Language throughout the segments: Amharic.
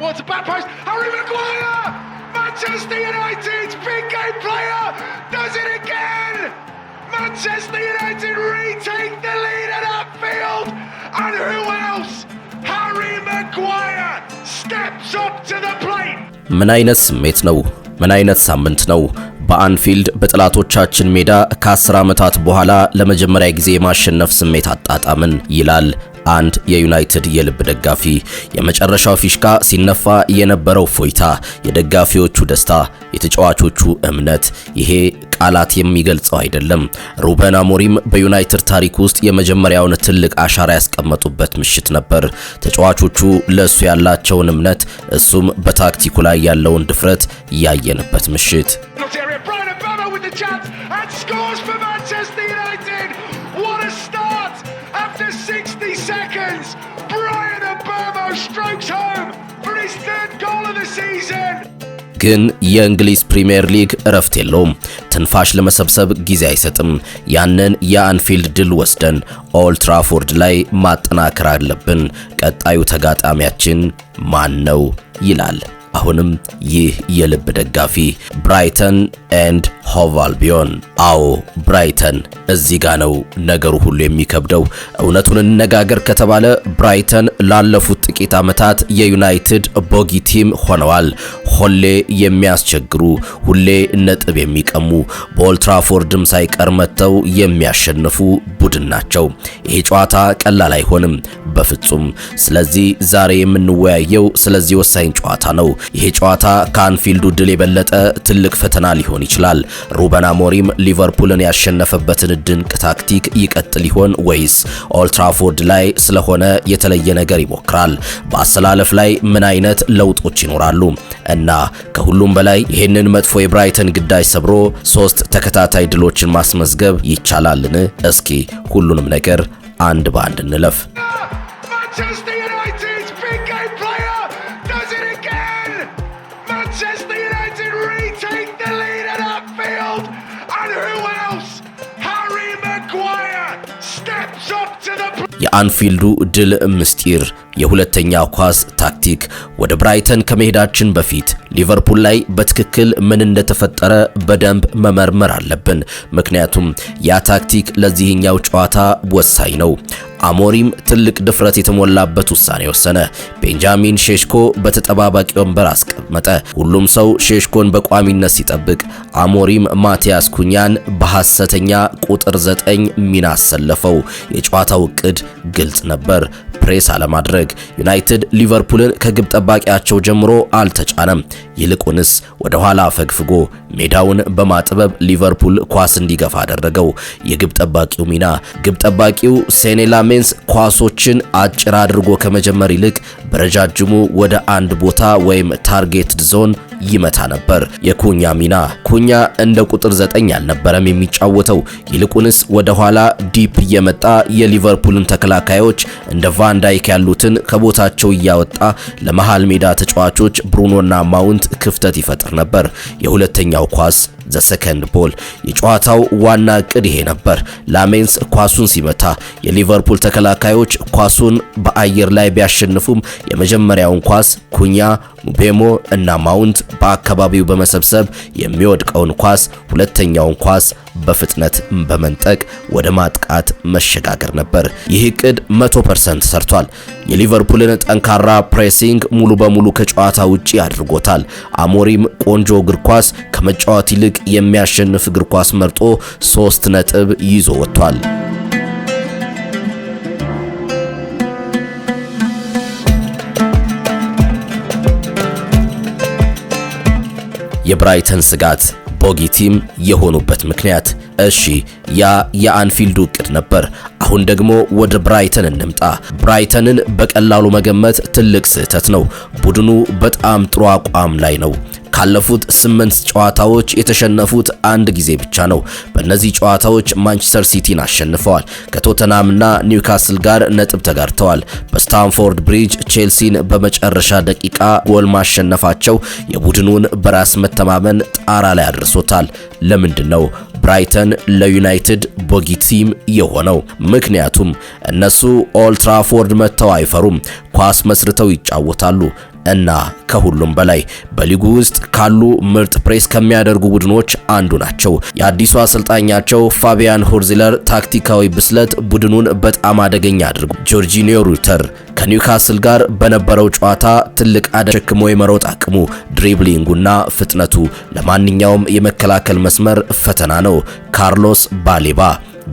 towards the back post. Harry Maguire! Manchester United's big game player does it again! Manchester United retake the lead at Anfield! And who else? Harry Maguire steps up to the plate! ምን አይነት ስሜት ነው? ምን አይነት ሳምንት ነው? በአንፊልድ በጠላቶቻችን ሜዳ ከአስር ዓመታት በኋላ ለመጀመሪያ ጊዜ የማሸነፍ ስሜት አጣጣምን ይላል አንድ የዩናይትድ የልብ ደጋፊ የመጨረሻው ፊሽካ ሲነፋ የነበረው ፎይታ፣ የደጋፊዎቹ ደስታ፣ የተጫዋቾቹ እምነት ይሄ ቃላት የሚገልጸው አይደለም። ሩበን አሞሪም በዩናይትድ ታሪክ ውስጥ የመጀመሪያውን ትልቅ አሻራ ያስቀመጡበት ምሽት ነበር። ተጫዋቾቹ ለእሱ ያላቸውን እምነት፣ እሱም በታክቲኩ ላይ ያለውን ድፍረት ያየንበት ምሽት ግን የእንግሊዝ ፕሪምየር ሊግ እረፍት የለውም። ትንፋሽ ለመሰብሰብ ጊዜ አይሰጥም። ያንን የአንፊልድ ድል ወስደን ኦልትራፎርድ ትራፎርድ ላይ ማጠናከር አለብን። ቀጣዩ ተጋጣሚያችን ማን ነው ይላል አሁንም ይህ የልብ ደጋፊ ብራይተን ኤንድ ሆቭ አልቢዮን። አዎ ብራይተን፣ እዚህ ጋ ነው ነገሩ ሁሉ የሚከብደው። እውነቱን እንነጋገር ከተባለ ብራይተን ላለፉት ጥቂት ዓመታት የዩናይትድ ቦጊ ቲም ሆነዋል። ሁሌ የሚያስቸግሩ፣ ሁሌ ነጥብ የሚቀሙ፣ በኦልትራፎርድም ሳይቀር መጥተው የሚያሸንፉ ቡድን ናቸው። ይሄ ጨዋታ ቀላል አይሆንም በፍጹም። ስለዚህ ዛሬ የምንወያየው ስለዚህ ወሳኝ ጨዋታ ነው። ይሄ ጨዋታ ከአንፊልዱ ድል የበለጠ ትልቅ ፈተና ሊሆን ይችላል። ሩበን አሞሪም ሊቨርፑልን ያሸነፈበትን ድንቅ ታክቲክ ይቀጥል ይሆን ወይስ ኦልትራፎርድ ላይ ስለሆነ የተለየ ነገር ይሞክራል? በአሰላለፍ ላይ ምን አይነት ለውጦች ይኖራሉ? እና ከሁሉም በላይ ይህንን መጥፎ የብራይተን ግዳጅ ሰብሮ ሶስት ተከታታይ ድሎችን ማስመዝገብ ይቻላልን? እስኪ ሁሉንም ነገር አንድ በአንድ እንለፍ። የአንፊልዱ ድል ምስጢር የሁለተኛ ኳስ ታክቲክ ወደ ብራይተን ከመሄዳችን በፊት ሊቨርፑል ላይ በትክክል ምን እንደተፈጠረ በደንብ መመርመር አለብን። ምክንያቱም ያ ታክቲክ ለዚህኛው ጨዋታ ወሳኝ ነው። አሞሪም ትልቅ ድፍረት የተሞላበት ውሳኔ ወሰነ። ቤንጃሚን ሼሽኮ በተጠባባቂ ወንበር አስቀመጠ። ሁሉም ሰው ሼሽኮን በቋሚነት ሲጠብቅ፣ አሞሪም ማቲያስ ኩኛን በሐሰተኛ ቁጥር ዘጠኝ ሚና አሰለፈው። የጨዋታው እቅድ ግልጽ ነበር፤ ፕሬስ አለማድረግ፣ ሲያደርግ ዩናይትድ ሊቨርፑልን ከግብ ጠባቂያቸው ጀምሮ አልተጫነም። ይልቁንስ ወደ ኋላ ፈግፍጎ ሜዳውን በማጥበብ ሊቨርፑል ኳስ እንዲገፋ አደረገው። የግብ ጠባቂው ሚና ግብ ጠባቂው ሴኔላሜንስ ኳሶችን አጭር አድርጎ ከመጀመር ይልቅ በረጃጅሙ ወደ አንድ ቦታ ወይም ታርጌትድ ዞን ይመታ ነበር። የኩኛ ሚና ኩኛ እንደ ቁጥር ዘጠኝ አልነበረም የሚጫወተው። ይልቁንስ ወደ ኋላ ዲፕ እየመጣ የሊቨርፑልን ተከላካዮች እንደ ቫንዳይክ ያሉትን ከቦታቸው እያወጣ ለመሃል ሜዳ ተጫዋቾች ብሩኖና ማውንት ክፍተት ይፈጥር ነበር። የሁለተኛው ኳስ ዘ ሰከንድ ቦል የጨዋታው ዋና እቅድ ይሄ ነበር። ላሜንስ ኳሱን ሲመታ የሊቨርፑል ተከላካዮች ኳሱን በአየር ላይ ቢያሸንፉም የመጀመሪያውን ኳስ ኩኛ፣ ሙቤሞ እና ማውንት በአካባቢው በመሰብሰብ የሚወድቀውን ኳስ ሁለተኛውን ኳስ በፍጥነት በመንጠቅ ወደ ማጥቃት መሸጋገር ነበር። ይህ እቅድ 100% ሰርቷል። የሊቨርፑልን ጠንካራ ፕሬሲንግ ሙሉ በሙሉ ከጨዋታ ውጪ አድርጎታል። አሞሪም ቆንጆ እግር ኳስ ከመጫወት ይልቅ የሚያሸንፍ እግር ኳስ መርጦ ሶስት ነጥብ ይዞ ወጥቷል። የብራይተን ስጋት ቦጊ ቲም የሆኑበት ምክንያት። እሺ ያ የአንፊልዱ እቅድ ነበር። አሁን ደግሞ ወደ ብራይተን እንምጣ። ብራይተንን በቀላሉ መገመት ትልቅ ስህተት ነው። ቡድኑ በጣም ጥሩ አቋም ላይ ነው። ካለፉት ስምንት ጨዋታዎች የተሸነፉት አንድ ጊዜ ብቻ ነው። በእነዚህ ጨዋታዎች ማንቸስተር ሲቲን አሸንፈዋል። ከቶተናምና ኒውካስል ጋር ነጥብ ተጋርተዋል። በስታንፎርድ ብሪጅ ቼልሲን በመጨረሻ ደቂቃ ጎል ማሸነፋቸው የቡድኑን በራስ መተማመን ጣራ ላይ አድርሶታል። ለምንድን ነው ብራይተን ለዩናይትድ ቲም የሆነው። ምክንያቱም እነሱ ኦልትራፎርድ መጥተው አይፈሩም፣ ኳስ መስርተው ይጫወታሉ። እና ከሁሉም በላይ በሊጉ ውስጥ ካሉ ምርጥ ፕሬስ ከሚያደርጉ ቡድኖች አንዱ ናቸው። የአዲሱ አሰልጣኛቸው ፋቢያን ሆርዚለር ታክቲካዊ ብስለት ቡድኑን በጣም አደገኛ አድርጎ ጆርጂኒዮ ሩተር ከኒውካስል ጋር በነበረው ጨዋታ ትልቅ አደሸክሞ የመሮጥ አቅሙ፣ ድሪብሊንጉና ፍጥነቱ ለማንኛውም የመከላከል መስመር ፈተና ነው። ካርሎስ ባሌባ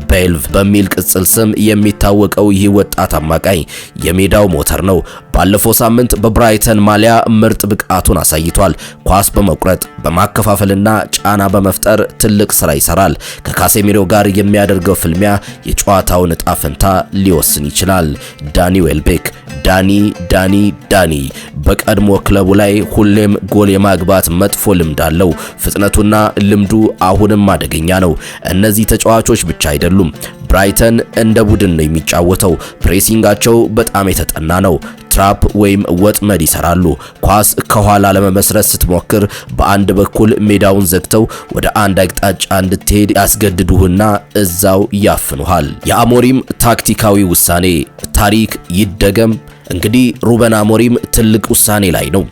ቤልቭ በሚል ቅጽል ስም የሚታወቀው ይህ ወጣት አማካኝ የሜዳው ሞተር ነው። ባለፈው ሳምንት በብራይተን ማሊያ ምርጥ ብቃቱን አሳይቷል። ኳስ በመቁረጥ በማከፋፈልና ጫና በመፍጠር ትልቅ ስራ ይሰራል። ከካሴሚሮ ጋር የሚያደርገው ፍልሚያ የጨዋታውን እጣ ፈንታ ሊወስን ይችላል። ዳኒ ዌልቤክ ዳኒ ዳኒ ዳኒ በቀድሞ ክለቡ ላይ ሁሌም ጎል የማግባት መጥፎ ልምድ አለው። ፍጥነቱና ልምዱ አሁንም አደገኛ ነው። እነዚህ ተጫዋቾች ብቻ አይደሉም። ብራይተን እንደ ቡድን ነው የሚጫወተው። ፕሬሲንጋቸው በጣም የተጠና ነው። ትራፕ ወይም ወጥመድ ይሰራሉ። ኳስ ከኋላ ለመመስረት ስትሞክር በአንድ በኩል ሜዳውን ዘግተው ወደ አንድ አቅጣጫ እንድትሄድ ያስገድዱህና እዛው ያፍኑሃል። የአሞሪም ታክቲካዊ ውሳኔ ታሪክ ይደገም። እንግዲህ ሩበን አሞሪም ትልቅ ውሳኔ ላይ ነው።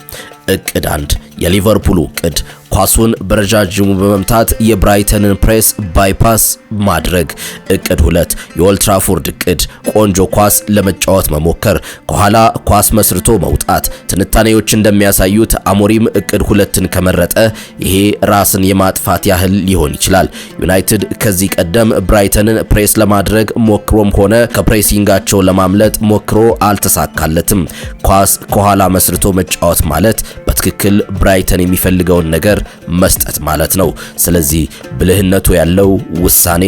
እቅድ አንድ የሊቨርፑል ውቅድ ኳሱን በረጃጅሙ በመምታት የብራይተንን ፕሬስ ባይፓስ ማድረግ። እቅድ ሁለት የኦልትራፎርድ እቅድ ቆንጆ ኳስ ለመጫወት መሞከር፣ ከኋላ ኳስ መስርቶ መውጣት። ትንታኔዎች እንደሚያሳዩት አሞሪም እቅድ ሁለትን ከመረጠ ይሄ ራስን የማጥፋት ያህል ሊሆን ይችላል። ዩናይትድ ከዚህ ቀደም ብራይተንን ፕሬስ ለማድረግ ሞክሮም ሆነ ከፕሬሲንጋቸው ለማምለጥ ሞክሮ አልተሳካለትም። ኳስ ከኋላ መስርቶ መጫወት ማለት በትክክል ብራይተን የሚፈልገውን ነገር መስጠት ማለት ነው። ስለዚህ ብልህነቱ ያለው ውሳኔ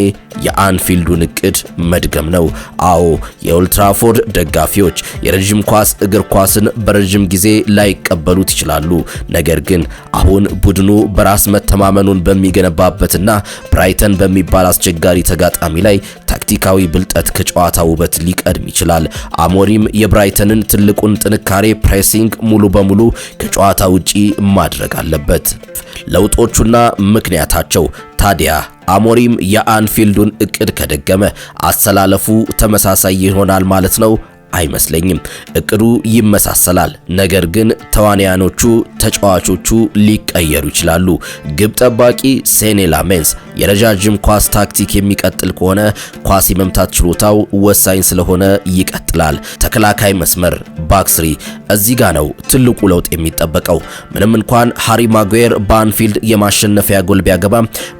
የአንፊልዱን እቅድ መድገም ነው። አዎ የኦልትራፎርድ ደጋፊዎች የረዥም ኳስ እግር ኳስን በረዥም ጊዜ ላይቀበሉት ይችላሉ። ነገር ግን አሁን ቡድኑ በራስ መተማመኑን በሚገነባበትና ብራይተን በሚባል አስቸጋሪ ተጋጣሚ ላይ ታክቲካዊ ብልጠት ከጨዋታ ውበት ሊቀድም ይችላል። አሞሪም የብራይተንን ትልቁን ጥንካሬ ፕሬሲንግ ሙሉ በሙሉ ከጨዋታ ውጪ ማድረግ አለበት። ለውጦቹና ምክንያታቸው ታዲያ አሞሪም የአንፊልዱን እቅድ ከደገመ አሰላለፉ ተመሳሳይ ይሆናል ማለት ነው። አይመስለኝም። እቅዱ ይመሳሰላል፣ ነገር ግን ተዋንያኖቹ ተጫዋቾቹ ሊቀየሩ ይችላሉ። ግብ ጠባቂ ሴኔ ላሜንስ የረጃጅም ኳስ ታክቲክ የሚቀጥል ከሆነ ኳስ የመምታት ችሎታው ወሳኝ ስለሆነ ይቀጥላል። ተከላካይ መስመር ባክስሪ፣ እዚህ ጋ ነው ትልቁ ለውጥ የሚጠበቀው። ምንም እንኳን ሃሪ ማጉዌር በአንፊልድ የማሸነፊያ ጎል ቢያገባ፣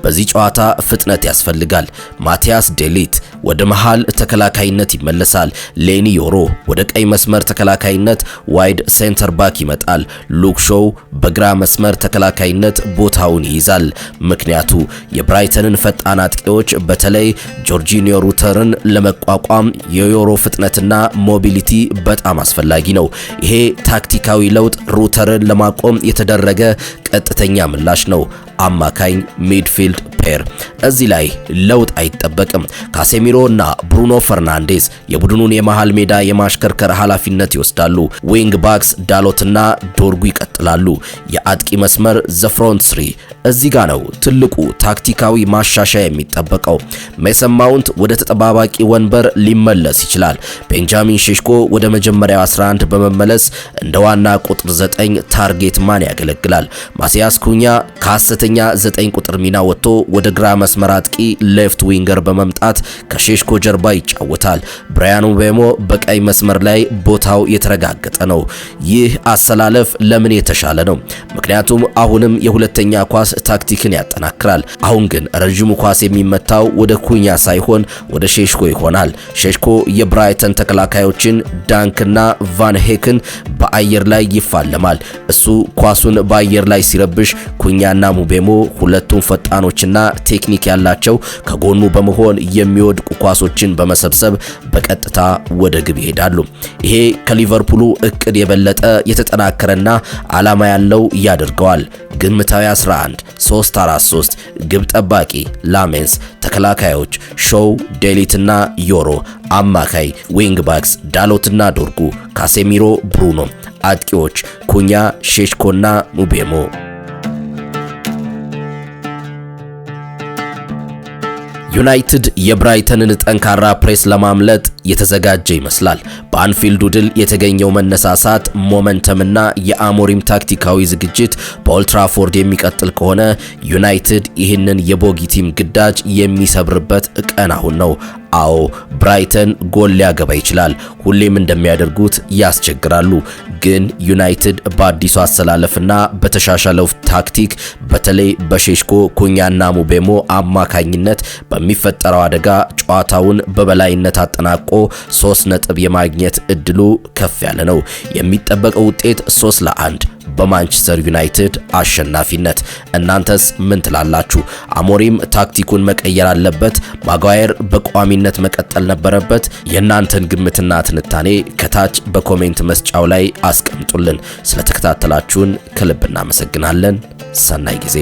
በዚህ ጨዋታ ፍጥነት ያስፈልጋል። ማቲያስ ዴሊት ወደ መሃል ተከላካይነት ይመለሳል። ሌኒ ዮሮ ወደ ቀይ መስመር ተከላካይነት ዋይድ ሴንተር ባክ ይመጣል። ሉክ ሾው በግራ መስመር ተከላካይነት ቦታውን ይይዛል። ምክንያቱ የብራይተንን ፈጣን አጥቂዎች በተለይ ጆርጂኒዮ ሩተርን ለመቋቋም የዮሮ ፍጥነትና ሞቢሊቲ በጣም አስፈላጊ ነው። ይሄ ታክቲካዊ ለውጥ ሩተርን ለማቆም የተደረገ ቀጥተኛ ምላሽ ነው። አማካኝ፣ ሚድፊልድ ፔር እዚህ ላይ ለውጥ አይጠበቅም። ካሴሚሮ እና ብሩኖ ፈርናንዴስ የቡድኑን የመሃል ሜዳ የማሽከርከር ኃላፊነት ይወስዳሉ። ዊንግ ባክስ ዳሎትና ዶርጉ ይቀጥላሉ። የአጥቂ መስመር ዘፍሮንት ስሪ እዚህ ጋ ነው ትልቁ ታክቲካዊ ማሻሻያ የሚጠበቀው። ሜሰን ማውንት ወደ ተጠባባቂ ወንበር ሊመለስ ይችላል። ቤንጃሚን ሼሽኮ ወደ መጀመሪያው 11 በመመለስ እንደ ዋና ቁጥር 9 ታርጌት ማን ያገለግላል። ማሲያስ ኩኛ ከሀሰተ በከፍተኛ 9 ቁጥር ሚና ወጥቶ ወደ ግራ መስመር አጥቂ ሌፍት ዊንገር በመምጣት ከሼሽኮ ጀርባ ይጫወታል። ብራያን ምቤሞ በቀይ መስመር ላይ ቦታው የተረጋገጠ ነው። ይህ አሰላለፍ ለምን የተሻለ ነው? ምክንያቱም አሁንም የሁለተኛ ኳስ ታክቲክን ያጠናክራል። አሁን ግን ረዥሙ ኳስ የሚመታው ወደ ኩኛ ሳይሆን ወደ ሼሽኮ ይሆናል። ሼሽኮ የብራይተን ተከላካዮችን ዳንክና ቫን ሄክን በአየር ላይ ይፋለማል። እሱ ኳሱን በአየር ላይ ሲረብሽ ኩኛና ሙቤ ደሞ ሁለቱም ፈጣኖችና ቴክኒክ ያላቸው ከጎኑ በመሆን የሚወድቁ ኳሶችን በመሰብሰብ በቀጥታ ወደ ግብ ይሄዳሉ። ይሄ ከሊቨርፑሉ እቅድ የበለጠ የተጠናከረና ዓላማ ያለው ያደርገዋል። ግምታዊ 11 343 ግብ ጠባቂ ላሜንስ፣ ተከላካዮች ሾው ዴሊትና ዮሮ፣ አማካይ ዊንግ ባክስ ዳሎትና ዶርጉ፣ ካሴሚሮ፣ ብሩኖ፣ አጥቂዎች ኩኛ ሼሽኮና ሙቤሞ ዩናይትድ የብራይተንን ጠንካራ ፕሬስ ለማምለጥ የተዘጋጀ ይመስላል። በአንፊልዱ ድል የተገኘው መነሳሳት ሞመንተምና የአሞሪም ታክቲካዊ ዝግጅት በኦልትራፎርድ የሚቀጥል ከሆነ ዩናይትድ ይህንን የቦጊ ቲም ግዳጅ የሚሰብርበት ቀን አሁን ነው። አዎ ብራይተን ጎል ሊያገባ ይችላል። ሁሌም እንደሚያደርጉት ያስቸግራሉ። ግን ዩናይትድ በአዲሱ አሰላለፍና በተሻሻለው ታክቲክ በተለይ በሼሽኮ ኩኛና ሙቤሞ አማካኝነት በሚፈጠረው አደጋ ጨዋታውን በበላይነት አጠናቆ 3 ነጥብ የማግኘት እድሉ ከፍ ያለ ነው። የሚጠበቀው ውጤት 3 ለአንድ በማንቸስተር ዩናይትድ አሸናፊነት። እናንተስ ምን ትላላችሁ? አሞሪም ታክቲኩን መቀየር አለበት? ማጓየር በቋሚነት መቀጠል ነበረበት? የእናንተን ግምትና ትንታኔ ከታች በኮሜንት መስጫው ላይ አስቀምጡልን። ስለተከታተላችሁን ከልብ እናመሰግናለን። ሰናይ ጊዜ